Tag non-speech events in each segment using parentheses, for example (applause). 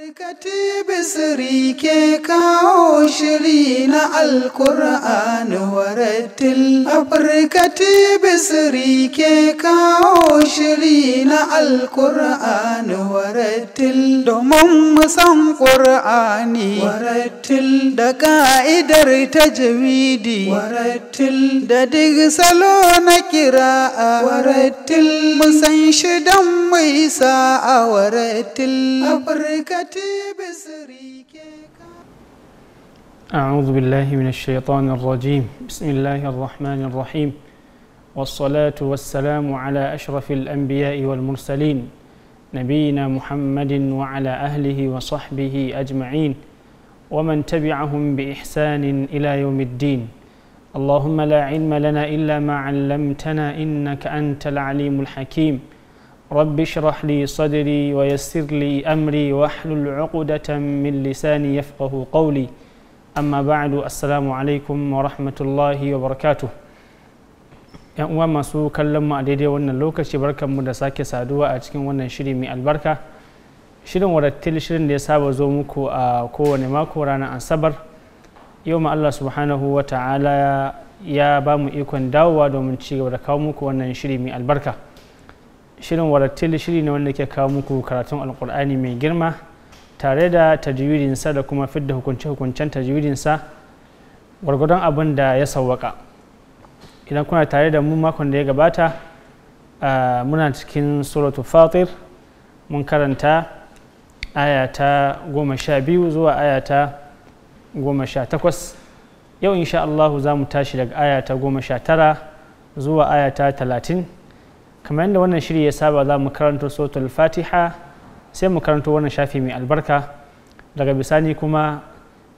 Katibi siri ke kawo shiri na Alkur'ani warattil. Afirka ti ke kawo shiri na Alkur'ani warattil. Domin musan Kur'ani warattil. Da ka'idar jawidi warattil. Da duk salo na kira'a warattil. Mu san shi don mu yi sa'a warattil. أعوذ بالله من الشيطان الرجيم بسم الله الرحمن الرحيم والصلاة والسلام على أشرف الأنبياء والمرسلين نبينا محمد وعلى أهله وصحبه أجمعين ومن تبعهم بإحسان إلى يوم الدين اللهم لا علم لنا إلا ما علمتنا إنك أنت العليم الحكيم رب اشرح لي صدري ويسر لي أمري واحلل عقدة من لساني يفقه قولي أما بعد السلام عليكم ورحمة الله وبركاته yan uwa masu kallon mu a daidai wannan lokaci mu da sake saduwa a cikin wannan shiri mai albarka shirin warattil shirin da ya saba zo muku a kowane mako ranar asabar yau ma Allah subhanahu wa ta'ala ya ba mu ikon dawowa domin ci gaba da kawo muku wannan shiri mai albarka shirin waratil shiri ne wanda ke kawo muku karatun alkur'ani mai girma tare da tajwidinsa da kuma fidda hukunce-hukuncen tajwidinsa gwargwadon abin da ya sauwaka idan kuna tare da mu makon da ya gabata muna cikin suratu fatir mun karanta aya ta goma sha biyu zuwa aya goma sha takwas yau insha Allahu za mu tashi daga aya goma sha tara zuwa ayata talatin kamar yadda wannan shiri ya saba za mu karanto sotul fatiha sai mu karanto wannan shafi mai albarka daga bisani kuma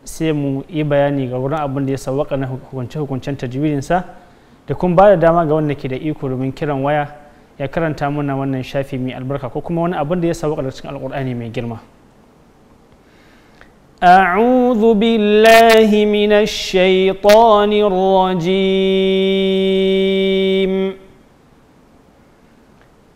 sai mu yi bayani ga wurin abin da ya sawaka na hukunce-hukuncen tajwidinsa da kuma ba da dama ga wanda ke da iko domin kiran waya ya karanta muna wannan shafi mai albarka ko kuma wani abin da ya sawaka daga cikin alkur'ani mai girma أعوذ بالله من الشيطان الرجيم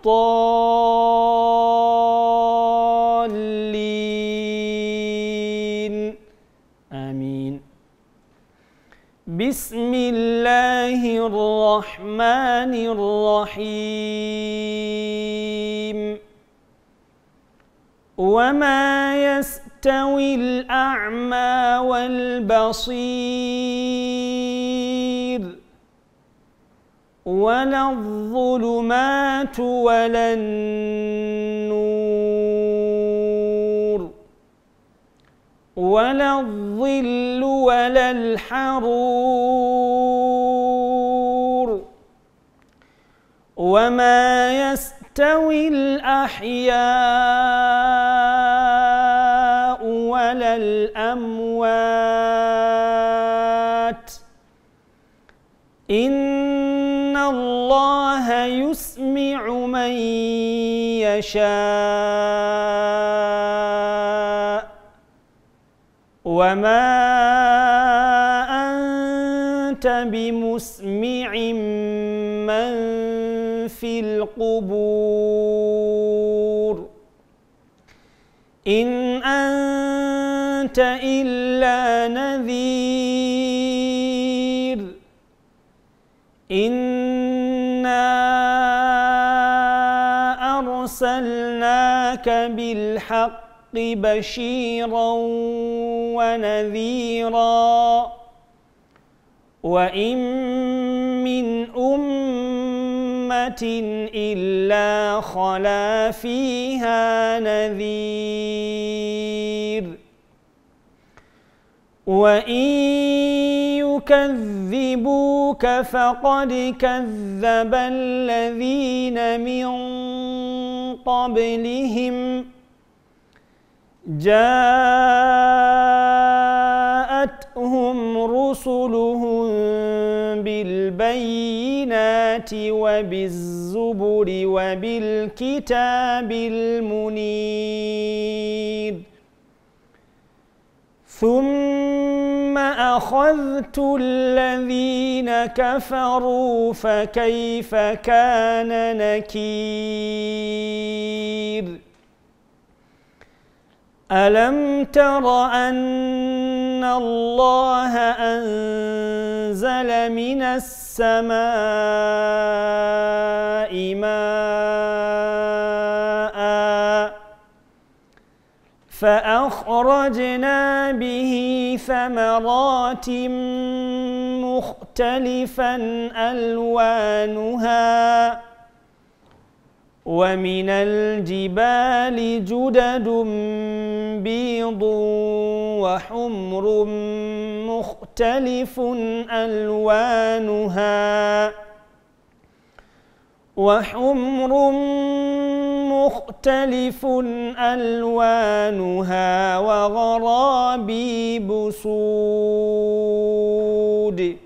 الضالين آمين بسم الله الرحمن الرحيم وما يستوي الأعمى والبصير ولا الظلمات ولا النور ولا الظل ولا الحرور وما يستوي الأحياء ولا الأموات إن الله يسمع من يشاء وما أنت بمسمع من في القبور إن أنت إلا نذير بالحق بشيرا ونذيرا وإن من أمة إلا خلا فيها نذير وإن يكذبوك فقد كذب الذين من قبلهم جاءتهم رسلهم بالبينات وبالزبر وبالكتاب المنير ثم أخذت الذين كفروا فكيف كان نكير ألم تر أن الله أنزل من السماء ماءً فأخرجنا به ثمرات مختلفا ألوانها ومن الجبال جدد بيض وحمر مختلف ألوانها وحمر مختلف ألوانها وغرابيب سود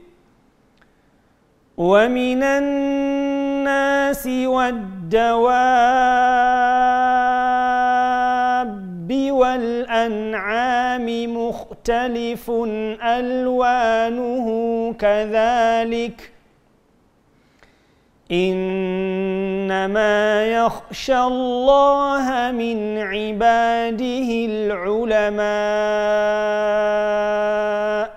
ومن الناس والدواب والأنعام مختلف ألوانه كذلك ۖ إنما يخشى الله من عباده العلماء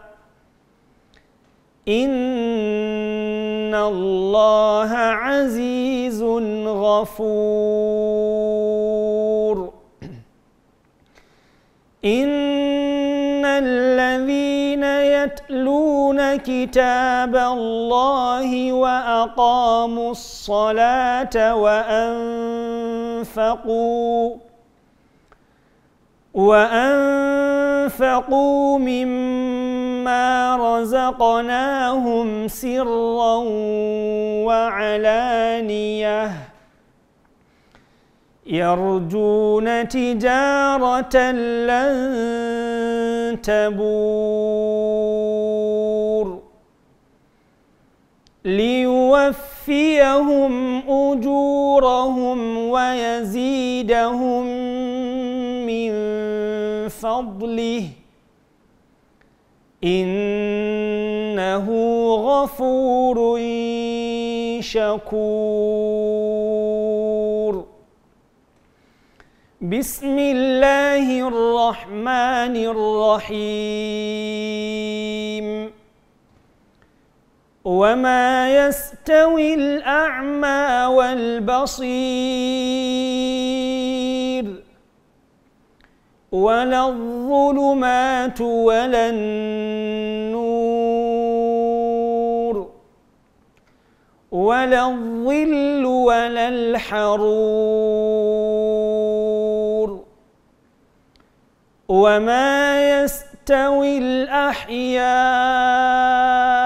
إن الله عزيز غفور (clears throat) إن يتلون كتاب الله وأقاموا الصلاة وأنفقوا وأنفقوا مما رزقناهم سرا وعلانية يرجون تجارة لن تبور ليوفيهم أجورهم ويزيدهم من فضله إنه غفور شكور بسم الله الرحمن الرحيم وما يستوي الأعمى والبصير ولا الظلمات ولا النور ولا الظل ولا الحرور وما يستوي الأحيان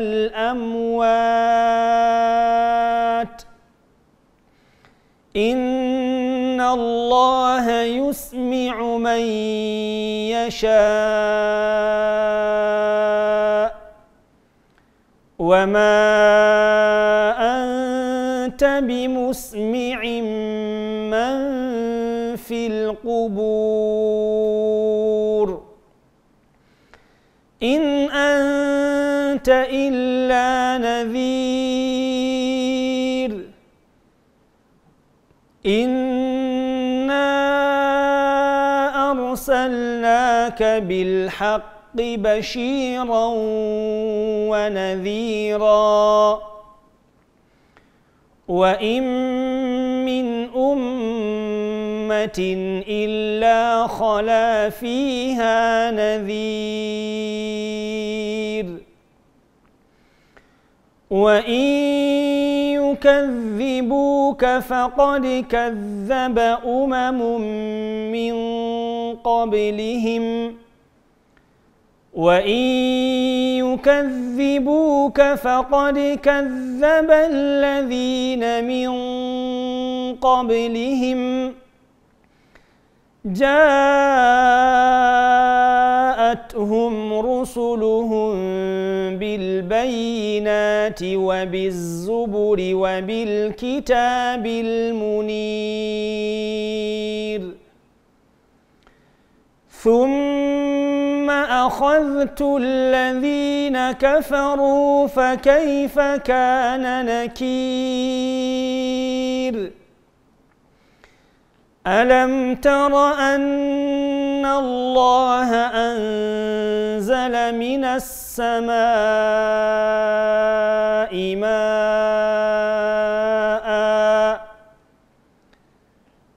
الأموات إن الله يسمع من يشاء وما أنت بمسمع من في القبور أنت إلا نذير إنا أرسلناك بالحق بشيرا ونذيرا وإن من أمة إلا خلا فيها نذير وإن يكذبوك فقد كذب أمم من قبلهم وإن يكذبوك فقد كذب الذين من قبلهم جاءوا جاءتهم رسلهم بالبينات وبالزبر وبالكتاب المنير ثم أخذت الذين كفروا فكيف كان نكير ألم تر أن إن الله أنزل من السماء ماء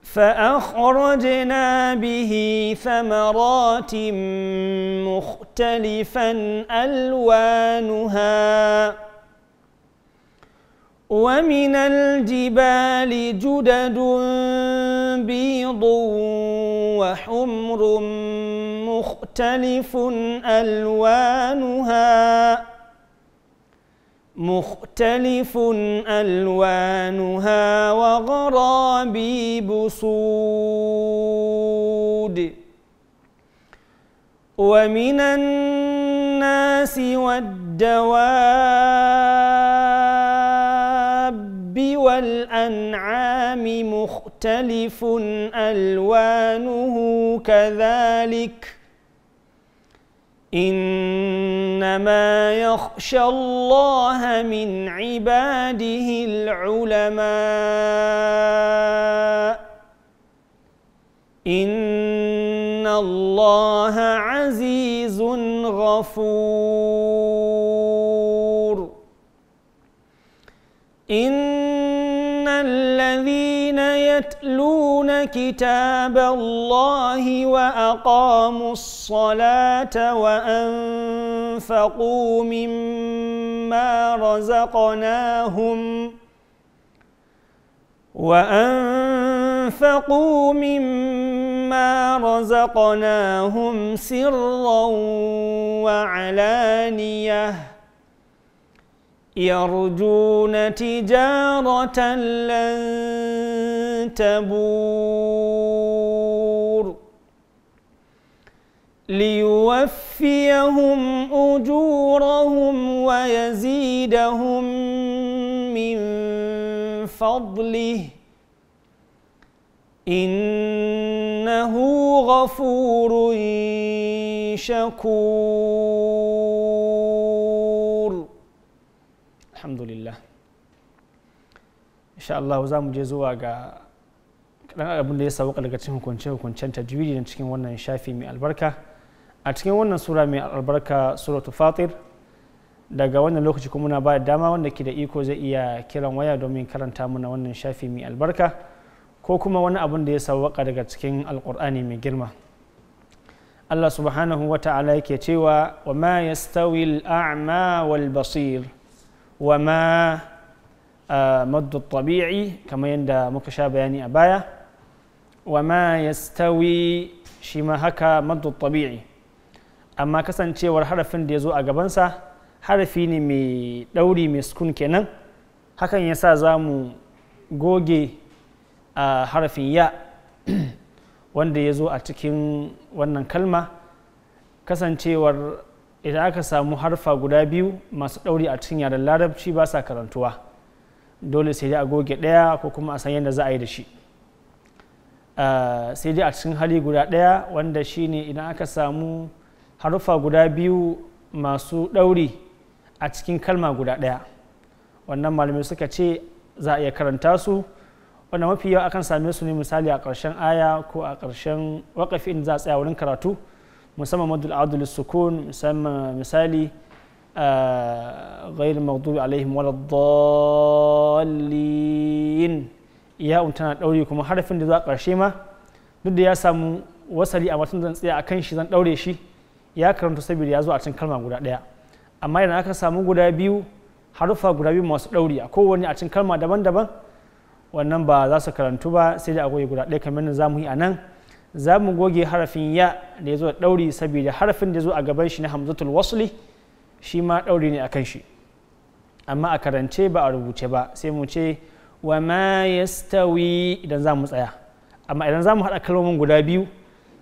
فأخرجنا به ثمرات مختلفا ألوانها ومن الجبال جدد بيض وحمر مختلف ألوانها مختلف ألوانها وغرابيب سود ومن الناس والدواب والأنعام مختلف مختلف ألوانه كذلك إنما يخشى الله من عباده العلماء إن الله عزيز غفور إن الذين يتلون كتاب الله وأقاموا الصلاة وأنفقوا مما رزقناهم وأنفقوا مما رزقناهم سرا وعلانيه يرجون تجارة لن تبور ليوفيهم أجورهم ويزيدهم من فضله إنه غفور شكور الحمد لله ان شاء الله وزام je dan abin da ya sauka daga cikin hukunce-hukuncen tajwidi na cikin wannan shafi mai albarka a cikin wannan sura mai albarka suratu fatir daga wannan lokaci kuma muna ba da dama wanda ke da iko zai iya kiran waya domin karanta muna wannan shafi mai albarka ko kuma wani abin da ya sauka daga cikin alkur'ani mai girma Allah subhanahu wa ta'ala yake cewa wa ma yastawi al wal basir wa ma ah, tabi'i kamar yadda muka sha bayani a baya وما يستوي ما هكا مد الطبيعي أما كسان شيء حرف ديزو أجابنسا حرفين مي دوري مي سكون كنن هكا يسا زامو goge a harafin ya (clears throat) wanda ya zo a cikin wannan kalma kasancewar idan aka samu harfa guda biyu masu ɗauri a cikin yaren larabci ba sa karantuwa dole sai dai a goge ɗaya ko kuma a san yadda za a yi da shi Ah, sai dai a cikin hali guda ɗaya wanda shine idan aka samu haruffa guda biyu masu ɗauri a cikin kalma guda ɗaya wannan malamai suka ce za a iya karanta su wanda mafi yawa akan same su ne misali a ƙarshen aya ko a ƙarshen waƙafi inda za a tsaya wurin karatu musamman madul adul sukun musamman misali غير المغضوب عليهم ولا الضالين iyawun tana ɗaure kuma harafin da zuwa karshe ma duk da ya samu wasali a matan zan tsaya a kan shi zan ɗaure shi ya karanta saboda ya zo a cikin kalma guda ɗaya amma idan aka samu guda biyu harufa guda biyu masu ɗauri a kowane a cikin kalma daban-daban wannan ba za su karantu ba sai da a goge guda ɗaya kamar yadda za mu yi a nan za mu goge harafin ya da ya zo da ɗauri saboda harafin da ya zo a gaban shi na hamzatul wasuli shi ma ɗauri ne a kan shi amma a karance ba a rubuce ba sai mu ce وما يستوي إذا زامو سأيا أما إذا زامو هذا كلام من غدابيو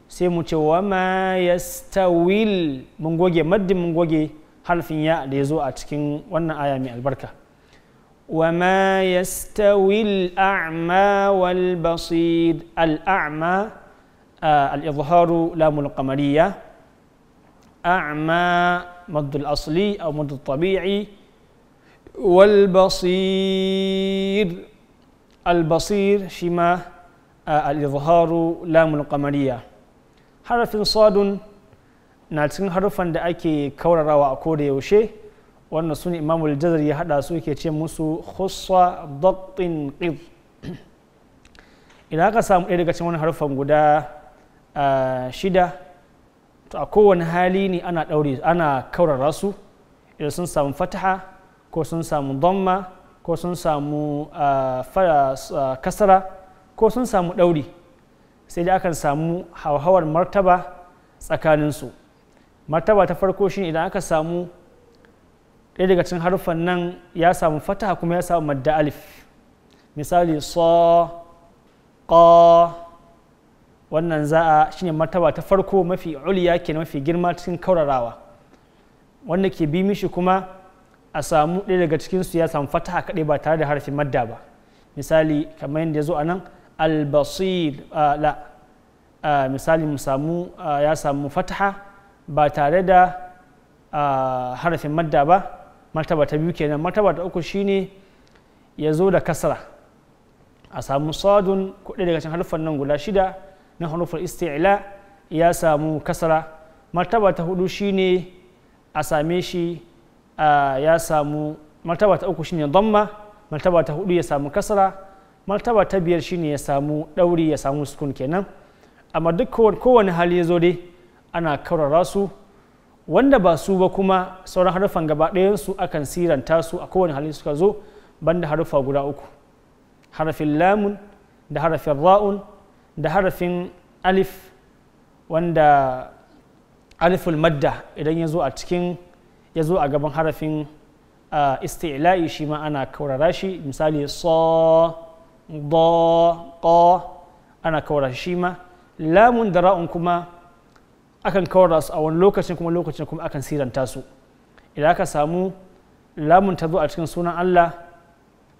سيمو وما يستوي من غوجي مد من غوجي حرفيا ليزو أتكين وانا آية من البركة وما يستوي الأعمى والبصير الأعمى آه الإظهار لام القمرية أعمى مد الأصلي أو مد الطبيعي والبصير albasir Shima a al'izharu lamul kamariya harafin sadun na cikin harufan da ake kaurarawa a koda yaushe wannan sun imamul jazar ya hada su ke ce musu khussa daqtin qid idan aka samu ɗaya daga cikin wani harufan guda shida to a kowane hali ne ana ɗaure ana kaurara su idan sun samu fataha ko sun samu damma ko sun samu kasara ko sun samu ɗauri sai dai akan samu hauhawar martaba tsakanin su martaba ta farko shi idan aka samu ɗaya daga cikin haruffan nan ya samu fataha kuma ya samu madda alif misali so ƙa wannan za'a shine martaba ta farko mafi uliya ke mafi girma cikin kaurarawa wanda ke bi mishi kuma a samu ɗaya daga cikinsu ya samu fataha kaɗai ba tare da harfin madda ba misali kamar yadda ya zo a nan albasir la misali mu samu ya samu fataha ba tare da harafin madda ba martaba ta biyu kenan martaba ta uku shine ya zo da kasra a samu sadun kuɗi daga cikin harfan nan guda shida na harufar istiila ya samu kasra martaba ta hudu shine a same shi ya samu martaba ta uku shine dhamma martaba ta hudu ya samu kasra martaba ta biyar shine ya samu dauri ya samu sukun kenan amma duk kowane hali ya zo dai ana kaurara su wanda ba su ba kuma sauran harufan gaba ɗayansu akan siranta su a kowane hali suka zo banda harufa guda uku harafin lamun da harafin ra'un da harafin alif wanda aliful madda idan ya zo a cikin ya zo a gaban harafin ah, isti'la'i shi ma ana kaurara shi misali so da ko ana kaurara shi ma lamun da ra'un kuma akan kaurara su a wani lokacin kuma lokacin kuma akan siranta su idan aka samu lamun ta zo a cikin sunan Allah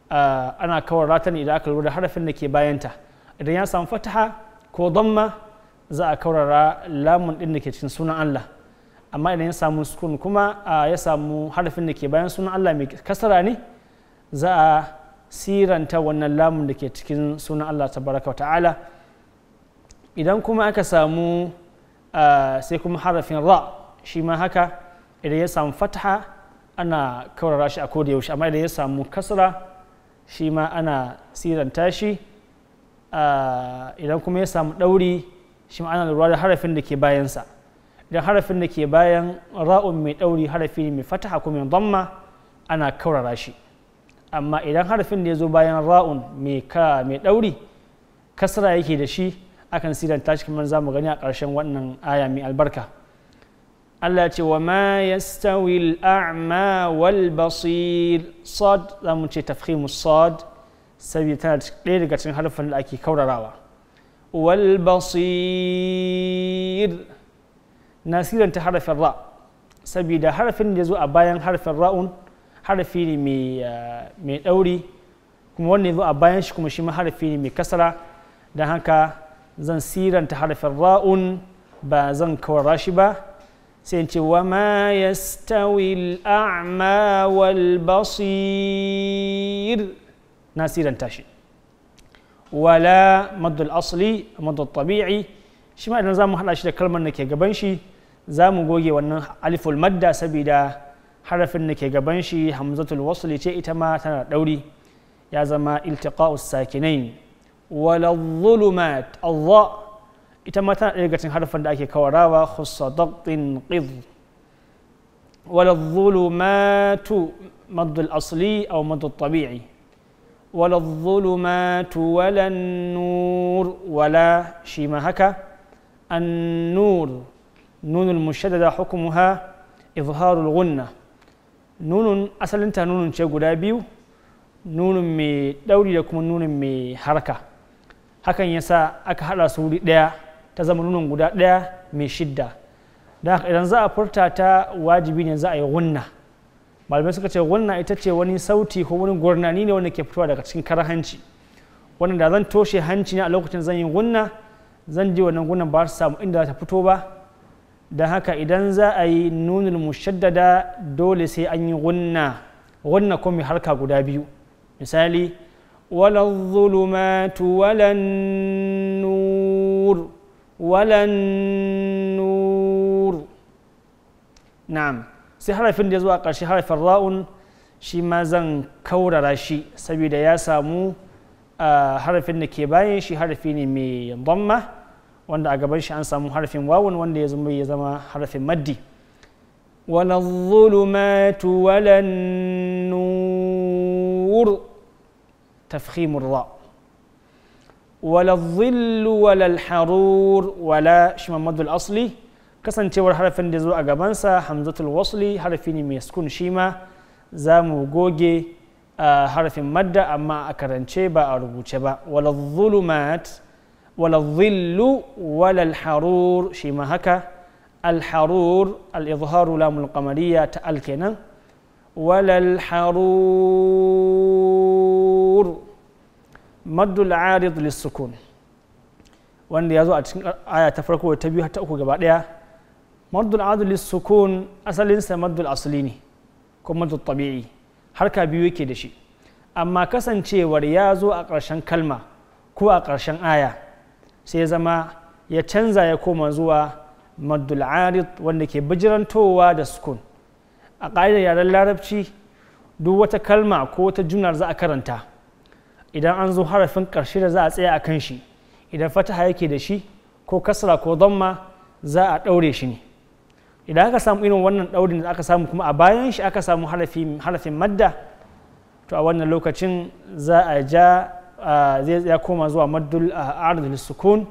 ah, ana kaurara ta ne idan aka lura da harafin da ke bayanta idan ya samu fataha ko damma za a kaurara lamun din da ke cikin sunan Allah amma idan ya samu sukun kuma ya samu harafin da ke bayan sunan Allah mai kasara ne za a siranta wannan lamun da ke cikin sunan Allah baraka wa ta'ala idan kuma aka samu sai kuma harafin ra shi ma haka idan ya samu fataha ana kaurara shi a koda yaushe amma idan ya samu kasara shi ma ana siranta shi idan kuma ya samu ɗauri shi ma ana lura da harafin da ke bayansa idan harafin da ke bayan ra'un mai ɗauri harafi ne mai fataha ko mai damma ana kaurara shi amma idan harafin da ya zo bayan ra'un mai ka mai ɗauri kasra yake da shi akan siranta shi kamar zamu gani a ƙarshen wannan aya mai albarka Allah ce wa ma yastawi al'a'ma wal basir sad za mu ce tafhimu sad saboda tana ɗaya daga cikin harafin da ake kaurarawa wal basir nasiran ta harafin ra saboda harafin da zo a bayan harafin ra'un harafi ne eh, mai ɗauri kuma wanda ya zo a bayan shi kuma shi ma harafi ne mai kasara don haka zan siranta harafin ra'un ba zan kawara shi ba sai in ce wa ma yastawi al'a'ma wal basir na siranta shi wala madul asli madul tabi'i shi ma idan zamu hada shi da kalmar nake gaban shi zamu goge wannan aliful madda saboda harafin nake gaban shi hamzatul wasl ce ita ma tana dauri ya zama iltiqa'us sakinain wala dhulumat Allah ita ma tana daga cikin harafin da ake kawarawa khusadaqin qid wala dhulumat مد الأصلي أو مد الطبيعي ولا الظلمات ولا النور ولا shi ma haka النور نون المشددة حكمها إظهار الغنة نون أصل ce نون biyu بيو نون مي دوري لكم نون مي حركة hakan yasa aka hada su wuri daya ta zama nunin guda daya mai shidda da haka idan za a furta ta wajibi ne za a yi gunna malamai suka ce gunna ita ce wani sauti ko wani gurnani ne wanda ke fitowa daga cikin karar hanci wannan da zan toshe hanci ne a lokacin zan yi gunna zan ji wannan gunan ba su samu inda za ta fito ba don haka idan za a yi nunin mushaddada dole sai an yi gunna gunna ko mai harka guda biyu misali walan zulumatu walan nur walan nur na'am sai harafin da ya zuwa ƙarshe harafin ra'un shi ma zan kaurara shi saboda ya samu ah, harafin da ke bayan shi harafi ne mai damma wanda a gaban shi an samu harafin wawun wanda ya zama ya zama harafin maddi wala zulumatu wala nur tafkhimur ra wala wala harur wala shimamadul asli kasancewar harafin da zo a gabansa hamzatul wasli harafi ne mai sukun shi ma za mu goge ah, harafin madda amma a karance ba a rubuce ba wala wala dhillu wala harur shi ma haka alharur al-izharu lamul qamariyya ta al kenan wala harur maddul arid sukun. wanda ya zo a cikin aya ta farko ta biyu ta uku gaba daya maddul arid lissukun asalinsa maddul asali ne ko maddul tabi'i harka biyu yake da shi amma kasancewar ya zo a ƙarshen kalma ko a ƙarshen aya sai zama ya canza ya koma zuwa maddul arid wanda ke bijirantowa da sukun a ƙa'idar yaren larabci duk wata kalma ko wata junar za a karanta idan an zo harafin ƙarshe da za a tsaya a kan shi idan fataha yake da shi ko kasra ko damma za a ɗaure shi ne idan aka samu irin wannan ɗaurin da aka samu kuma a bayan shi aka samu harafin madda to a wannan lokacin za a ja zai ya koma zuwa maddul ardul sukun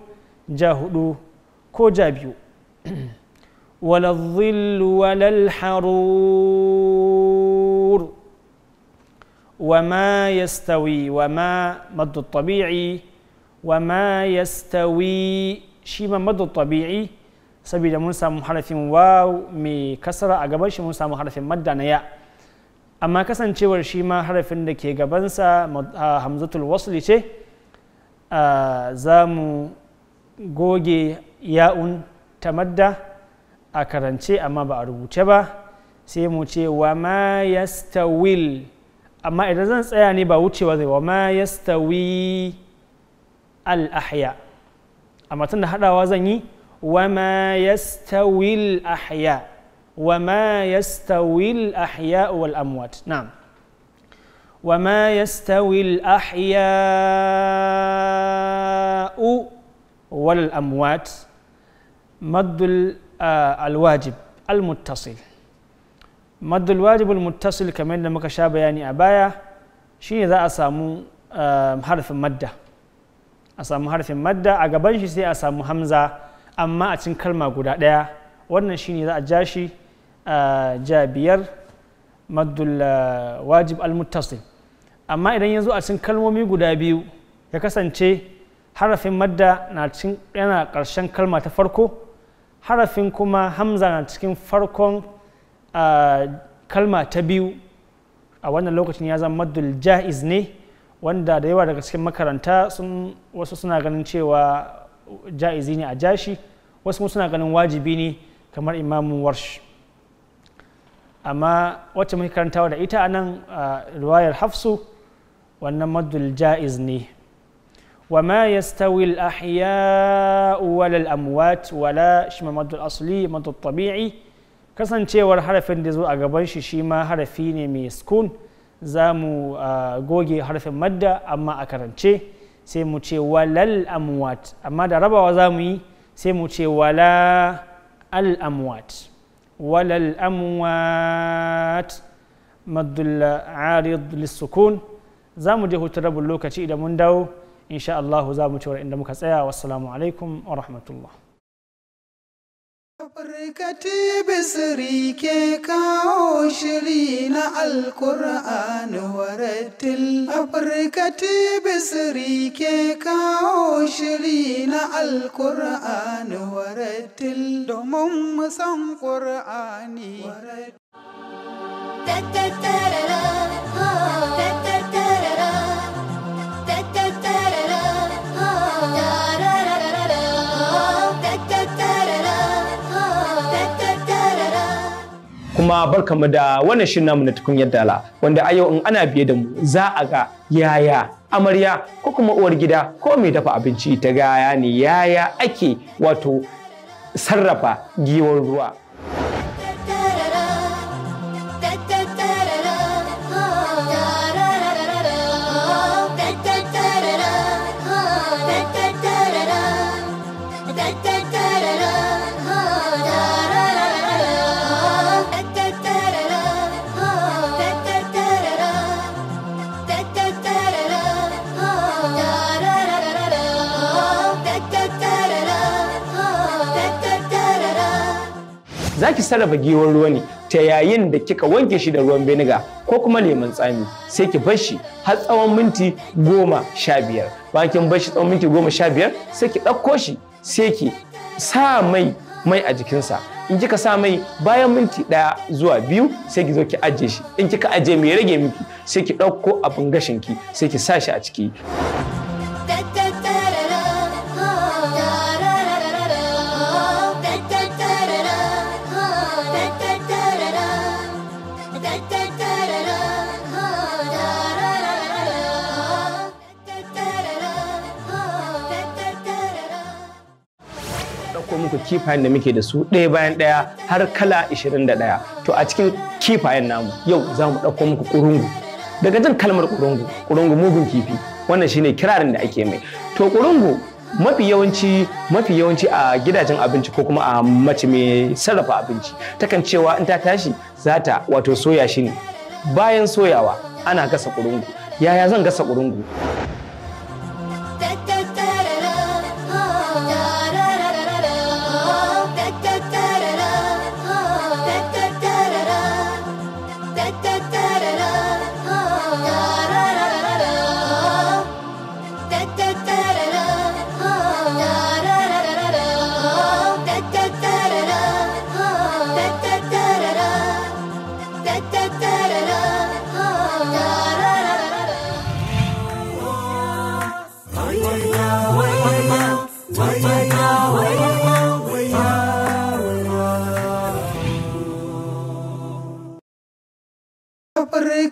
ja hudu ko ja biyu wala dhillu wala harur وما يستوي وما مد الطبيعي وما يستوي شيما مد الطبيعي سبيل موسى محرف واو مي كسر أجابش موسى محرف مد نيا amma kasancewar shi ma harafin da ke gabansa hamzatul wasli ce za mu goge ya'un tamadda a karance amma ba a rubuce ba sai mu ce wa ma yastawil amma idan zan tsaya ne ba wucewa zai wa ma yastawi al-ahya amma tun da haɗawa zan yi wa ma yastawil ahya وما يستوي الأحياء والأموات نعم وما يستوي الأحياء والأموات مد آه، الواجب المتصل مد الواجب المتصل كما عندما كشاب يعني أبايا شيء ذا أسامو آه، حرف مدة أسامو حرف مدة أجابنشي سي أسامو حمزة أما أتنكر ما قد وانا شيني ذا أجاشي Jabiyar biyar wajib al-muttasil amma idan yanzu a cikin kalmomi guda biyu ya kasance harafin madda na cikin yana ƙarshen kalma ta farko harafin kuma hamza na cikin farkon kalma ta biyu a wannan lokacin ya zama maddul ja'iz ne wanda da yawa daga cikin makaranta sun wasu suna ganin cewa ja'izi ne a jashi wasu suna ganin wajibi ne kamar imamun warsh amma wacce muke karantawa da ita anan riwayar hafsu wannan maddul ja'iz ne وما يستوي الأحياء amwat الأموات ولا شما مد الأصلي مد الطبيعي كسان kasancewar harafin da zo a gaban shi shi ma harafi ne mai sukun za mu goge harafin madda amma a karance sai mu ce walal amwat amma da rabawa za mu yi sai mu ce wala al amwat ولا الأموات مد العارض للسكون زامو جهو ترب اللوكة إلى مندو إن شاء الله زامو تورا إن مكسايا والسلام عليكم ورحمة الله katibi siri ke kawo shiri na alkur'an warattil afirka tibi siri ke kawo shiri na alkur'an warattil domin mu san qur'ani tattatarara kuma barkamu da wannan shirin namu na tukunyar dala wanda a yau in ana biye da mu za a ga yaya amarya ko kuma uwar gida ko mai dafa abinci ta gaya yaya ake wato sarrafa giwar ruwa za ki sarrafa giwon ruwa ne ta yayin da kika wanke shi da ruwan beniga ko kuma lemon tsami sai ki bar shi har tsawon minti goma sha biyar bayan kin bar shi tsawon minti goma sha biyar sai ki ɗauko shi sai ki sa mai mai a jikinsa in kika sa mai bayan minti ɗaya zuwa biyu sai ki zo ki ajiye shi in kika ajiye mai rage miki sai ki ɗauko abin gashin ki sai ki sa shi a ciki muku kifayen da muke da su ɗaya bayan ɗaya har kala 21 to a cikin kifayen namu yau za mu ɗauko muku ƙurungu daga jin kalmar ƙurungu ƙurungu mugun kifi wannan shine kirarin da ake mai to ƙurungu mafi yawanci mafi yawanci a gidajen abinci ko kuma a mace mai sarrafa abinci takan cewa in ta tashi za ta wato soya shi ne bayan soyawa ana gasa ƙurungu yaya zan gasa ƙurungu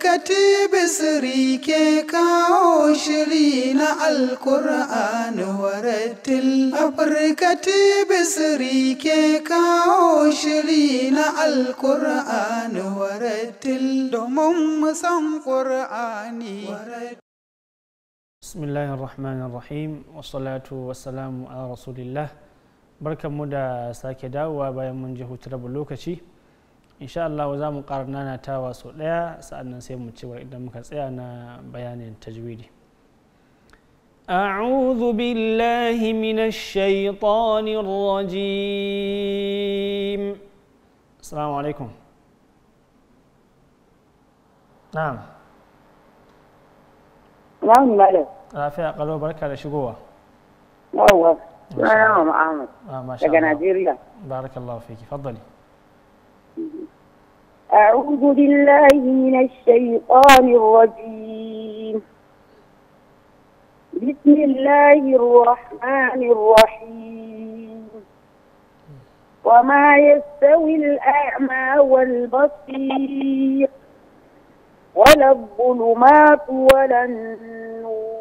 kati bisri ke kawo shiri na alkur'ani waratil afirka ti ke kawo shiri na alkur'ani waratil domin musan ƙur'ani bismillahir rahmanir rahim wasalatu wasalamu ala rasulillah barkanmu da sake dawowa bayan mun ji hutu lokaci إن شاء الله وزام قرننا تواصل يا سألنا سيم متشوي إذا مكسيانا بيان تجويدي أعوذ بالله من الشيطان الرجيم السلام عليكم نعم نعم مالك لا في أقل وبركة لشقوة والله نعم محمد نعم، نعم. آه ما شاء الله بارك الله فيك فضلي أعوذ بالله من الشيطان الرجيم بسم الله الرحمن الرحيم وما يستوي الأعمى والبصير ولا الظلمات ولا النور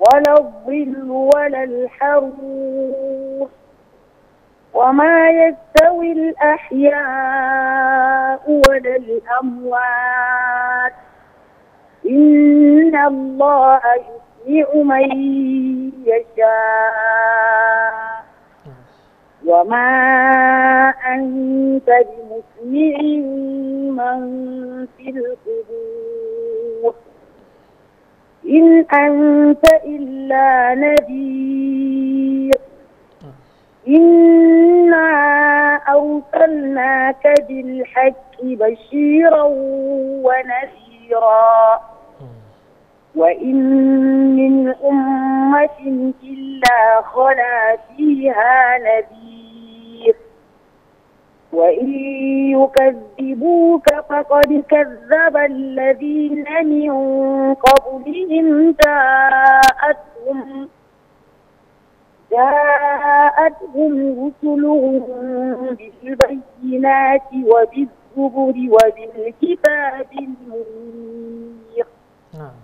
ولا الظل ولا الحرور وما يستوي الأحياء ولا الأموات إن الله يسمع من يشاء وما أنت بمسمع من في القبور إن أنت إلا نذير إن إِنَّا أَرْسَلْنَاكَ بِالْحَقِّ بَشِيرًا وَنَذِيرًا وَإِنْ مِنْ أُمَّةٍ إِلَّا خَلَا فِيهَا نَذِيرٌ وَإِنْ يُكَذِّبُوكَ فَقَدْ كَذَّبَ الَّذِينَ مِنْ قَبْلِهِمْ جَاءَتْهُمْ جاءتهم رسلهم بالبينات وبالزبر وبالكتاب المنير نعم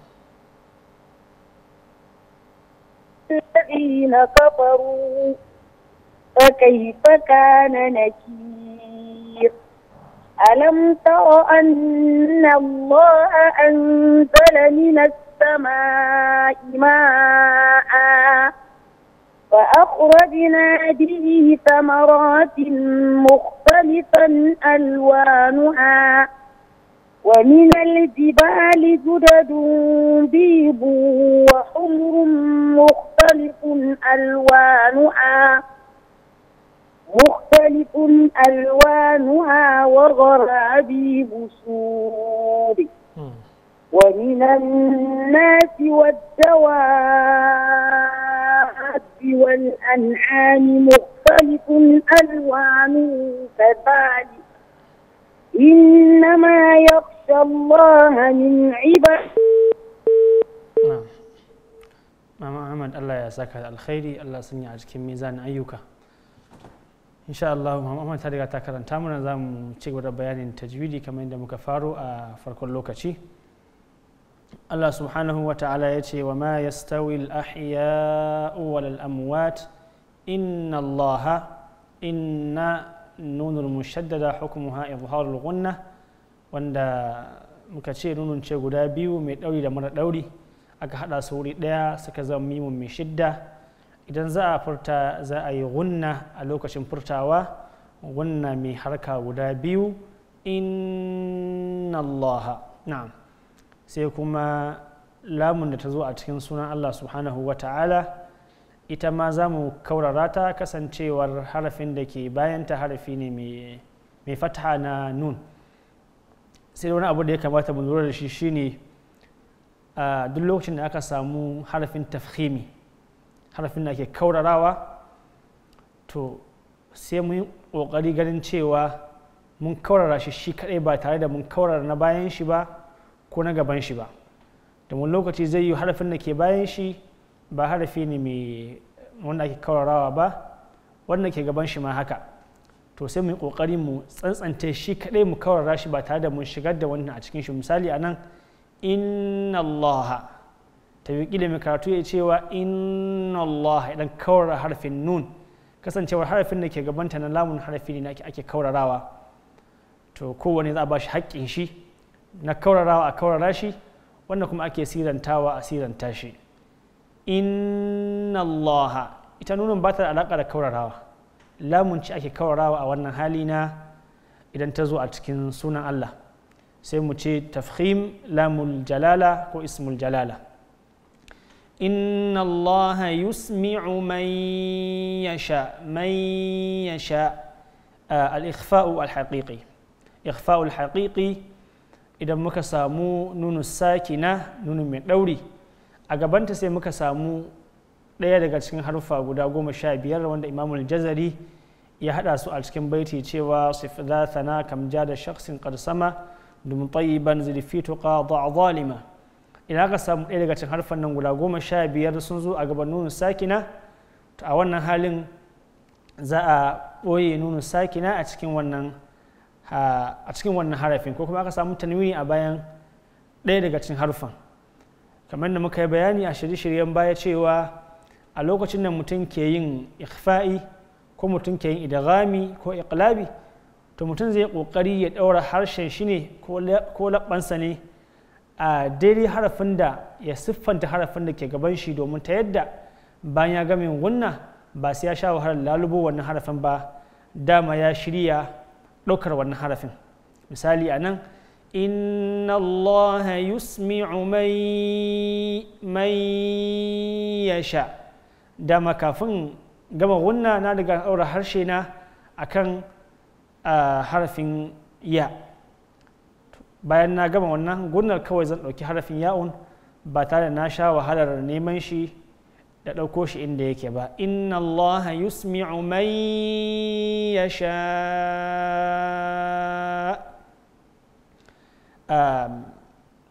الذين كفروا فكيف كان نكير ألم تر أن الله أنزل من السماء ماء وأخرجنا به ثمرات مختلفا ألوانها ومن الجبال جدد بيض وحمر مختلف ألوانها مختلف ألوانها وغرابيب سود ومن الناس والدواب والأنعام مختلف ألوانه كذلك إنما يخشى الله من عباده Mama Ahmad Allah ya saka da alkhairi Allah sanya a cikin mizanin ayyuka. Insha Allah ta riga ta karanta mana za mu ci gaba da bayanin tajwidi kamar da muka faru a farkon lokaci. Allah subhanahu wa ta'ala ya ce wa ma yastawi al-ahya wal amwat inna Allah inna nunul mushaddada hukmuha izharul gunna wanda muka ce nunun ce guda biyu mai ɗauri da mara ɗauri aka haɗa su wuri ɗaya suka zama mimun mai shidda idan za a furta za a yi gunna a lokacin furtawa gunna mai harka guda biyu inna allaha na'am sai kuma lamun da ta zo a cikin sunan Allah subhanahu wa ta'ala ita ma za mu kaurara ta kasancewar harafin da ke bayan ta harafi ne mai fataha na nun sai wani abu da ya kamata mu lura da shi shine a duk lokacin da aka samu harafin tafhimi harafin da ke kaurarawa to sai mu yi ƙoƙari ganin cewa mun kaurara shi shi kaɗai ba tare da mun kaurara na bayan shi ba ko na gaban shi ba domin lokaci zai yi harafin da ke bayan shi ba harafi ne mai wanda ake kawarawa ba wanda ke gaban shi ma haka to sai mu yi kokari mu tsantsante shi kadai mu kawarra shi ba tare da mun shigar da wannan a cikin shi misali anan inna allaha ta yi da mai karatu ya cewa inna allaha idan kawarara harafin nun kasancewar harafin da ke gabanta na lamun harafi ne ake kawararawa to kowane za a ba shi haƙƙin shi na kaurarawa a kaurara shi wanda kuma ake sirantawa a siranta shi inna allaha ita nunin ba ta da alaƙa da kaurarawa lamun ci ake kaurarawa a wannan hali na idan ta zo a cikin sunan allah sai mu ce tafhim lamul jalala ko ismul jalala inna allah yusmi'u man yasha man yasha al-ikhfa'u al-haqiqi ikhfa'u al-haqiqi idan muka samu nunu sakina nunu mai ɗauri a gabanta sai muka samu ɗaya daga cikin harfa guda goma sha biyar wanda imamul jazari ya haɗa su a cikin baiti cewa sifidatana kam ja da shaksin karsama domin tayyiban zo a zalima idan aka samu ɗaya daga cikin harfan nan guda goma sha biyar sun zo a gaban nunu sakina to a wannan halin za a ɓoye nunu sakina a cikin wannan a cikin wannan harafin ko kuma aka samu tanwini a bayan ɗaya daga cikin harfan kamar da muka yi bayani a shirye-shiryen baya cewa a lokacin da mutum ke yin ikfa'i ko mutum ke yin idagami ko iqlabi to mutum zai ƙoƙari ya ɗaura harshen shi ne ko laɓansa ne a daidai harafin da ya siffanta harafin da ke gaban shi domin ta yadda bayan ya gamin wunna ba sai ya sha wahalar lalubo wannan harafin ba dama ya shirya ɗaukar wannan harafin misali a nan inna allah yusmi'u mai yasha da makafin gama wunna na daga aure harshe na kan harafin ya bayan na gama wannan gunnar kawai zan ɗauki harafin ya'un ba tare na sha wahalar neman shi da ɗauko shi inda yake ba inna Allah yusmi'u man yasha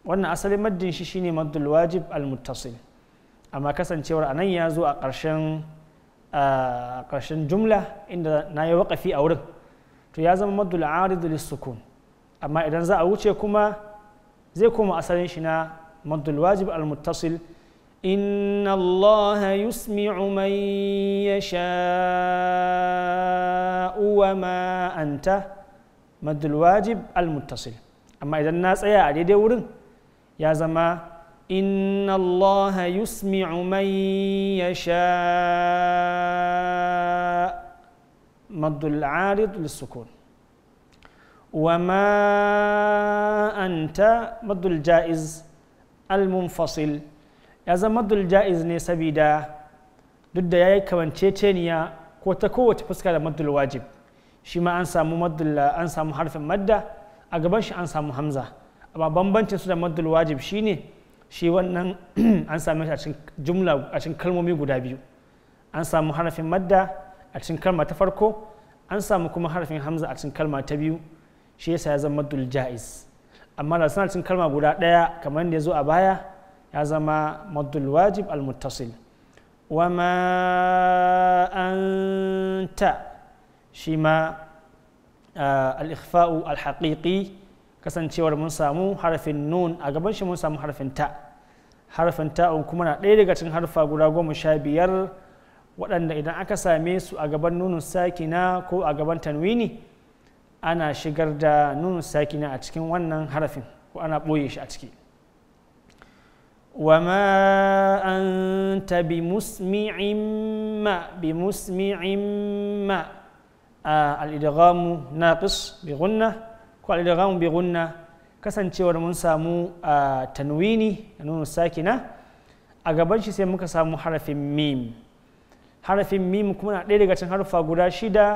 wannan asalin maddin shi shine maddul wajib al-muttasil amma kasancewar anan ya zo a ƙarshen ƙarshen jumla inda na yi waƙafi a wurin to ya zama maddul arid sukun amma idan za a wuce kuma zai koma asalin shi na maddul wajib al-muttasil إن الله يسمع من يشاء وما أنت مد الواجب المتصل أما إذا الناس يا علي ورن يا زما إن الله يسمع من يشاء مد العارض للسكون وما أنت مد الجائز المنفصل ya zama jaiz ne saboda duk da ya yi kamanceceniya ko ta kowace fuska da maddul wajib shi ma an samu an samu harfin madda a gaban shi an samu hamza amma bambancin su da maddul wajib shine shi wannan (clears throat) an samu shi a cikin jumla a cikin kalmomi guda biyu an samu harafin madda a cikin kalma ta farko an samu kuma harafin hamza a cikin kalma ta biyu shi yasa ya zama maddul jaiz amma da suna cikin kalma guda ɗaya kamar da ya zo a baya ya zama maddul wajib al muttasil wa ma anta shi ma ah, al ikhfa'u al haqiqi kasancewar mun samu harafin nun a gaban shi mun samu harfin ta harfin ta kuma na ɗaya daga cikin harfa guda goma sha biyar waɗanda idan aka same su a gaban nunun sakina ko a gaban tanwini ana shigar da nunun sakina a cikin wannan harafin ko ana ɓoye shi a ciki وما أنت بمسمع ما بمسمع ما آه الإدغام ناقص بغنة والإدغام بغنة kasancewar mun samu a tanwini a nuna sakina a gaban shi sai muka samu harafin mim harafin mim kuma na ɗaya daga cikin harfa guda shida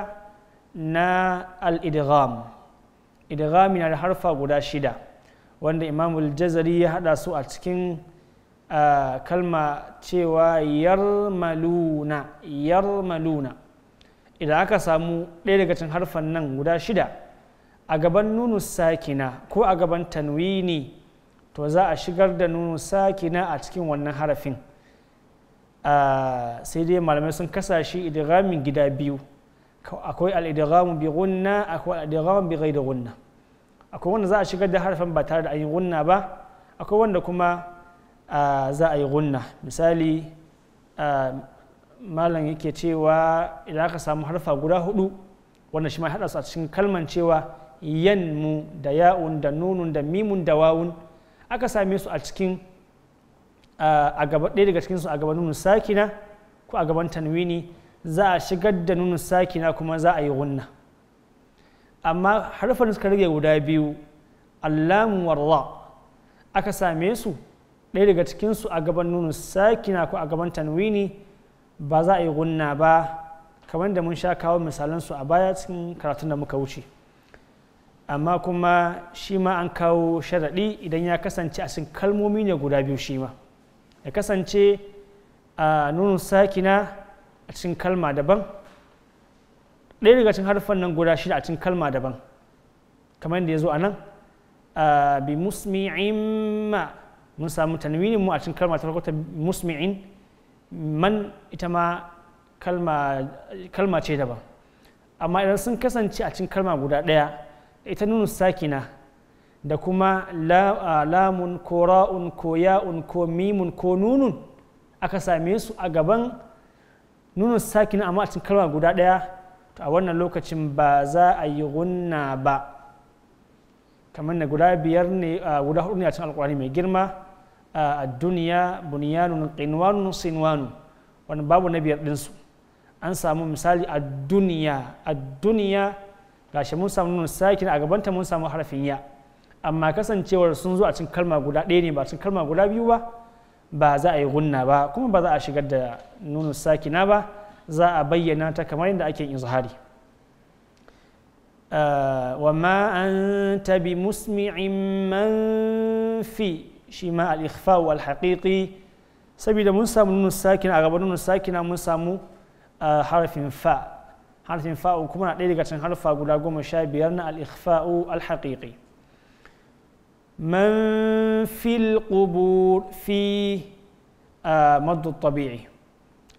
na al-idgham na da harfa guda shida wanda imamuljazari ya haɗa su a cikin kalma cewa yarmaluna yarmaluna idan aka samu ɗaya daga cikin harfan nan guda shida a gaban nunu sakina ko a gaban tanwini to za a shigar da nunu sakina a cikin wannan harafin sai dai malamai sun kasa shi idigamin gida biyu akwai al'idigamu bi gunna akwai al'idigamu bi bi da gunna akwai wanda za a shigar da harfin ba tare da an yi gunna ba akwai wanda kuma za a yi gunna misali malam yake cewa idan aka samu harfa guda hudu wanda shi ma hada su a cikin kalman cewa yan mu da ya'un da nunun da mimun da wawun aka same su a cikin a gaba ɗaya daga cikinsu a gaban nunun sakina ko a gaban tanwini za a shigar da nunun sakina kuma za a yi gunna amma harfan suka rage guda biyu allamu warra aka same su ɗaya daga cikinsu a gaban nunu sakina ko a gaban tanwini ba za a yi gunna ba kamar da mun sha kawo misalansu a baya cikin karatun da muka wuce amma kuma shi ma an kawo sharaɗi idan ya kasance a cikin kalmomi ne guda biyu shi ma ya kasance a nunun sakina a cikin kalma daban ɗaya daga cikin harfan nan guda shida a cikin kalma daban kamar da ya zo a nan bi musmi'in mun samu tanwinin mu a cikin kalma ta farko ta musmi'in man ita ma kalma ce daban amma idan sun kasance a cikin kalma guda ɗaya ita nunu sakina da kuma lamun ko ra'un ko ya'un ko mimun ko nunun aka same su a gaban nunu sakina amma a cikin kalma guda ɗaya to a wannan lokacin ba za a yi gunna ba kamar na guda biyar ne guda hudu ne a cikin alkurani mai girma a duniya bunyanun qinwanun sinwanun wani babu na biyar din su. an samu misali a duniya a duniya gashi mun samu nuna sakin a gabanta mun samu harafin ya amma kasancewar sun zo a cikin kalma guda ɗaya ne ba cikin kalma guda biyu ba ba za a yi gunna ba kuma ba za a shigar da nunu sakina ba za a bayyana ta kamar yadda ake izhari. آه، وما أنت بمسمع من في شماء الإخفاء والحقيقي سبيل موسى من الساكن أغبر من الساكن موسى مو آه، حرف فاء حرف فاء وكمان عليك عشان حرف أقول أقوم شابيرنا الإخفاء الحقيقي من في القبور في آه، مد الطبيعي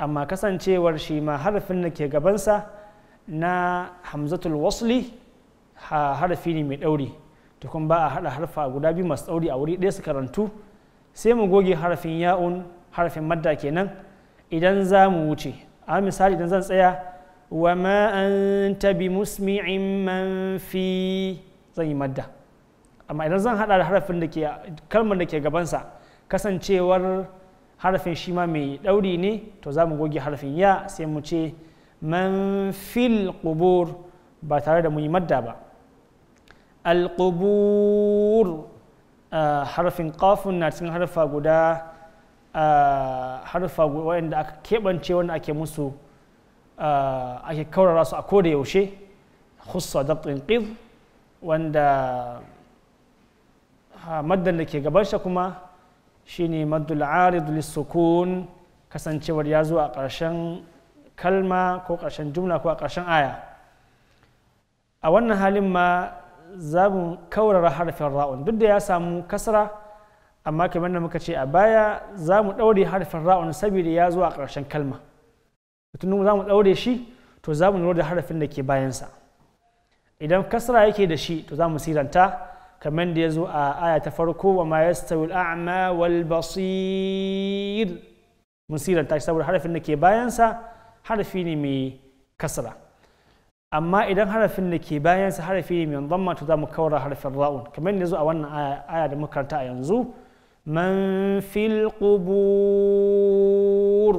أما كسان شيء ورشي ما حرف إنك يا نا حمزة الوصلي harafi ne mai ɗauri to kuma ba a haɗa harfa guda biyu masu ɗauri a wuri ɗaya su karantu sai mu goge harafin ya'un harafin madda kenan idan za mu wuce a misali idan zan tsaya wa ma anta bi musmi'in man fi zan yi madda amma idan zan haɗa da harafin da ke kalmar da ke gabansa kasancewar harafin shi ma mai ɗauri ne to za mu goge harafin ya sai mu ce man fil ƙubur ba tare da mu yi madda ba alƙubur ah, harfin ƙafin na cikin harfa guda ah, harfa wanda aka keɓance wanda ake musu ah, ake kaurara su a koda yaushe hussa dabtin qid wanda maddan da ke gaban kuma shine maddul arid lissukun kasancewar ya zo a ƙarshen kalma ko ƙarshen jumla ko a karshen aya a wannan halin ma za mu kaurara harafin ra'un duk da ya samu kasra amma kamar da muka ce a baya za mu ɗaure harafin ra'un saboda ya zo a ƙarshen kalma mutum za mu ɗaure shi to za mu lura da harafin da ke bayansa idan kasra yake da shi to za mu siranta kamar da ya zo a aya ta farko wa ma yastawil a'ma wal basir mun siranta shi saboda harafin da ke bayansa harafi ne mai kasra amma idan harafin da ke bayansa harafi ne mai yanzamma to za mu kawar harafin ra'un kamar yanzu a wannan aya da makaranta a yanzu man fil qubur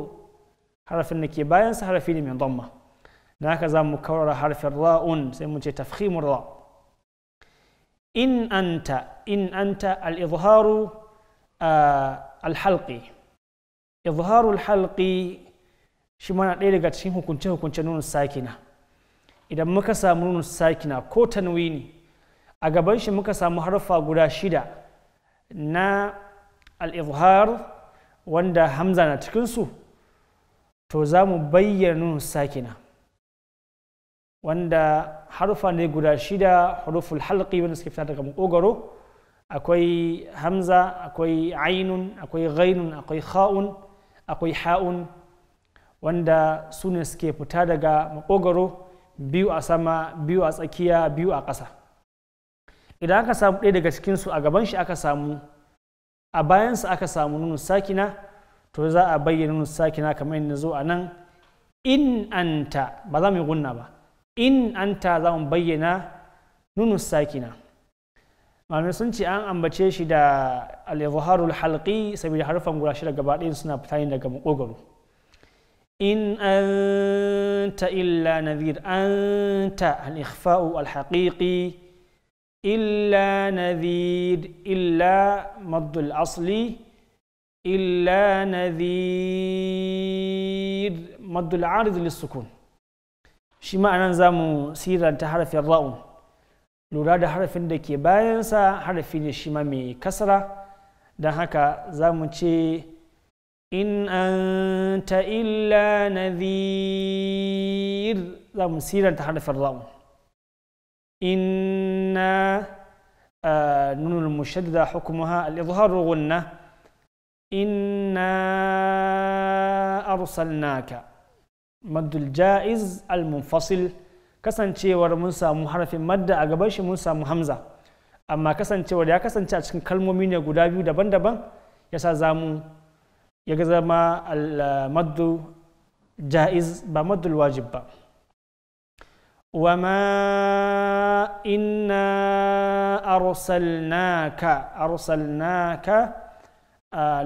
harafin da ke bayansa harafi ne mai yanzamma da haka za mu kawar harafin ra'un sai mu ce tafkhimur ra in anta in anta al izharu al halqi izharu al halqi shi mana ɗaya daga cikin hukunce hukunce nuna sakina idan muka samu nun sakina ko tanwini a gaban shi muka samu harfa guda shida na al wanda hamza na cikinsu to za mu bayyana nun sakina wanda harfa ne guda shida haruful halqi wanda suke fita daga makogaro akwai hamza akwai ainun akwai ghainun akwai kha'un akwai ha'un wanda su ne suke fita daga makogaro biyu a sama biyu a tsakiya biyu a ƙasa idan aka samu ɗaya daga cikinsu a gaban shi aka samu a bayansa aka samu nunu sakina to za a bayyana nunu sakina kamar yadda zo a nan in anta ba za mu yi gunna ba in anta za mu bayyana nunu sakina malamai sun ce an ambace shi da al-izharul halqi saboda harfan guda shida gaba ɗayan suna fita daga makogaro إن أنت إلا نذير أنت الإخفاء الحقيقي إلا نذير إلا مض الأصلي إلا نذير مض العارض للسكون شي معنى نزام سيرا تحرف الراء لراد حرف دكي بانسا حرف شي كسرة ده هكا زامو تشي in anta illa nadhir za mu siranta harfin lam inna nunul mushaddada hukmuha al izharu gunna inna arsalnaka madul ja'iz al-munfasil kasancewar mun samu harfin madda a gaban shi mun samu hamza amma kasancewar ya kasance a cikin kalmomi ne guda biyu daban-daban yasa zamu ya ga zama al-maddu ja'iz ba maddul wajib ba wa ma inna arsalnaka arsalnaka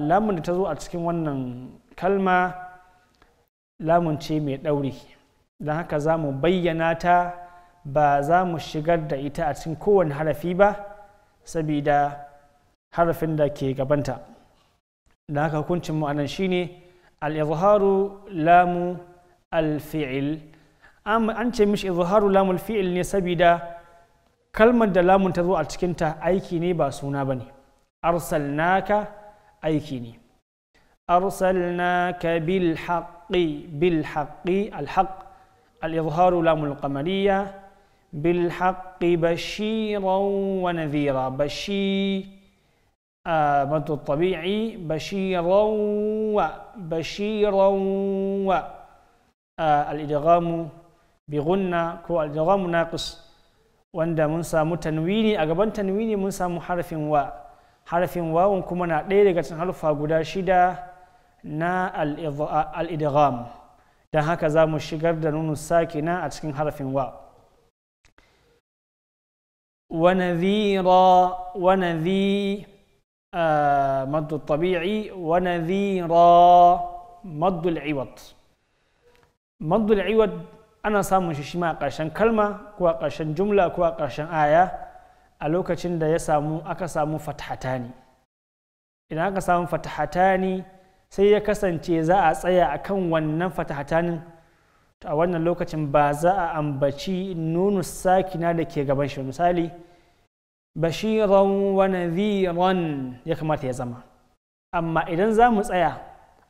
lamun da ta zo a cikin wannan kalma lamun ce mai ɗauri don haka za mu bayyana ta ba za mu shigar da ita a cikin kowane harafi ba sabida harafin da ke gabanta da haka hukuncin mu anan shine al-izharu lamu al-fi'l an ce mishi izharu lamu al-fi'l ne saboda kalmar da lamun ta zo a cikin ta aiki ne ba suna bane arsalnaka aiki ne arsalnaka bil haqqi bil haqqi al haqq al-izharu lamu al-qamariyya bil haqqi bashiran wa nadhira bashir آمد الطبيعي بشيرا و بشيرا و آه، الإدغام بغنى كو الإدغام ناقص وندا منسى متنويني أقبان تنويني منسى محرف و حرف و ونكما نعطي لغة حرفة قداشدة نا آه، الإدغام ده هكذا مشيقر دا نون الساكنة أتكين حرف و ونذيرا ونذي مد الطبيعي ونذيرا مد العوض مد العوض ana samun shi a ƙarshen kalma ko ƙarshen jumla ko ƙarshen aya a lokacin da ya samu aka samu fathatani idan aka samu fathatani sai ya kasance za a tsaya akan wannan fathatanin a wannan lokacin ba za a ambaci nunu sakina da ke gaban shi misali bashiran wa nadhiran ya kamata ya zama amma idan za mu tsaya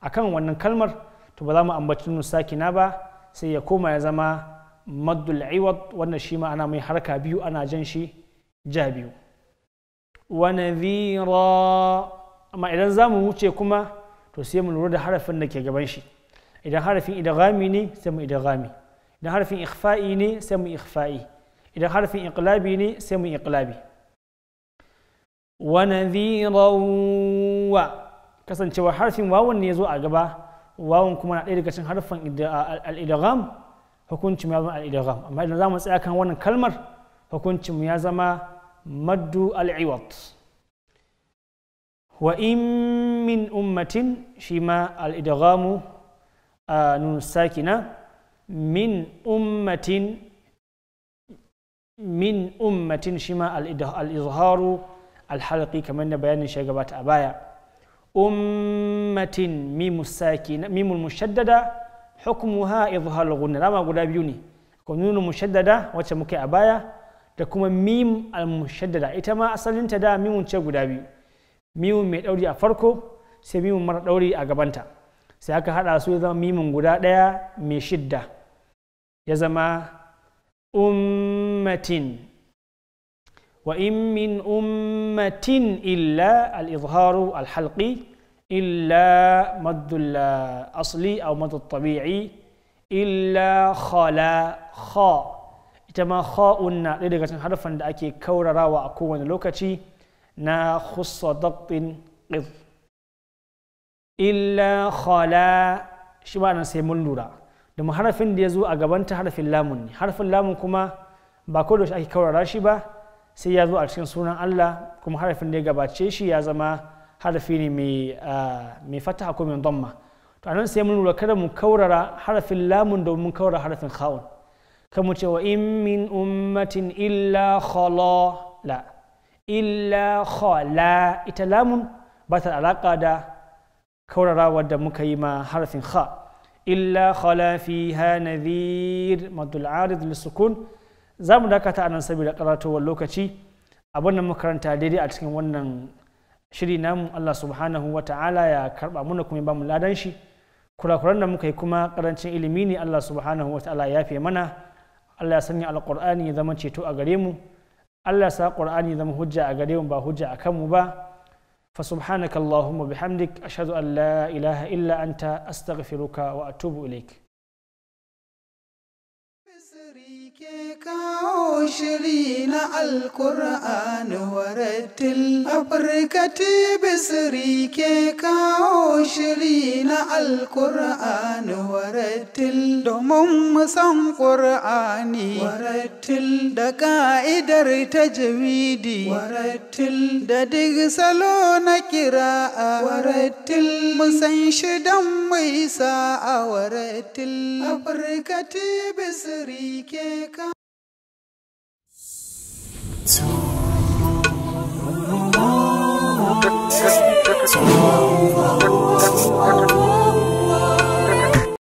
akan wannan kalmar to ba za mu ambaci nun sakina ba sai ya koma ya zama maddul iwad wannan shi ma ana mai harka biyu ana jan shi ja biyu wa nadhira amma idan za mu wuce kuma to sai mu lura da harafin da ke gaban shi idan harafin idghami ne sai mu idghami idan harafin ikhfa'i ne sai mu ikhfa'i idan harafin iqlabi ne sai mu iqlabi wa nadhiran wa harfin wawan ne ya zo a gaba wawan kuma na ɗaya daga cikin harfin al-idgham hukuncin ya zama al amma idan za mu tsaya kan wannan kalmar hukuncin ya zama maddu al wa in min ummatin shi ma al a nun sakina min ummatin min ummatin shi ma al alhalaki kamar da bayanin shi gabata a baya ummatin mimul mushaddada hukmuha izhal gunna dama guda biyu ne ko nunu mushaddada wacce muke a baya da kuma mim al mushaddada ita ma asalin ta da mimun ce guda biyu mimun mai dauri a farko sai mimun mara dauri a gabanta sai aka hada su zama mimun guda daya mai shidda ya zama ummatin وإن من أمة إلا الإظهار الحلقي إلا مد الأصلي أو مد الطبيعي إلا خلا خا إتما خاء لدغة حرفا دأكي كور راوى أكون لوكتي نا خص ضبط قض إلا خلا شو معنى سيمون لورا دم حرف ديزو أغبانت حرف اللامون حرف اللامون كما باكولوش أكي كور راشبه sai ya zo a cikin sunan Allah kuma harafin da ya gabace shi ya zama harafi ne mai ah, fataha ko mai domma to anan sai mun lura kada mu kaurara harafin lamun da mun kaurara harafin kha'un kan mu ce wa in min ummatin illa khala la illa khala ita lamun ba ta alaka da kaurara wadda muka yi ma harafin kha illa khala fiha nadhir madul arid lisukun za mu dakata a nan saboda karatowar lokaci abin da makaranta daidai a cikin wannan shiri namu Allah subhanahu wa ta'ala ya karba muna kuma ba mu ladan shi kurakuran da muka yi kuma karancin ilimi ne Allah subhanahu wa ta'ala ya fi mana Allah ya sanya alƙur'ani ya zama ceto a gare mu Allah ya sa qur'ani ya zama hujja a gare mu ba hujja a kanmu ba fa subhanakallahumma bihamdik ashhadu an la ilaha illa anta astaghfiruka wa atubu ilaik kawo shiri na alkur'ani warattil afirka tibisiri ke kawo shiri na alkur'ani warattil domin musan kur'ani. warattil da ka'idar tajwidi warattil da duk salo na kira'a warattil musan shidan mai sa'a warattil afirka bisiri ke kawo 心蹉跎。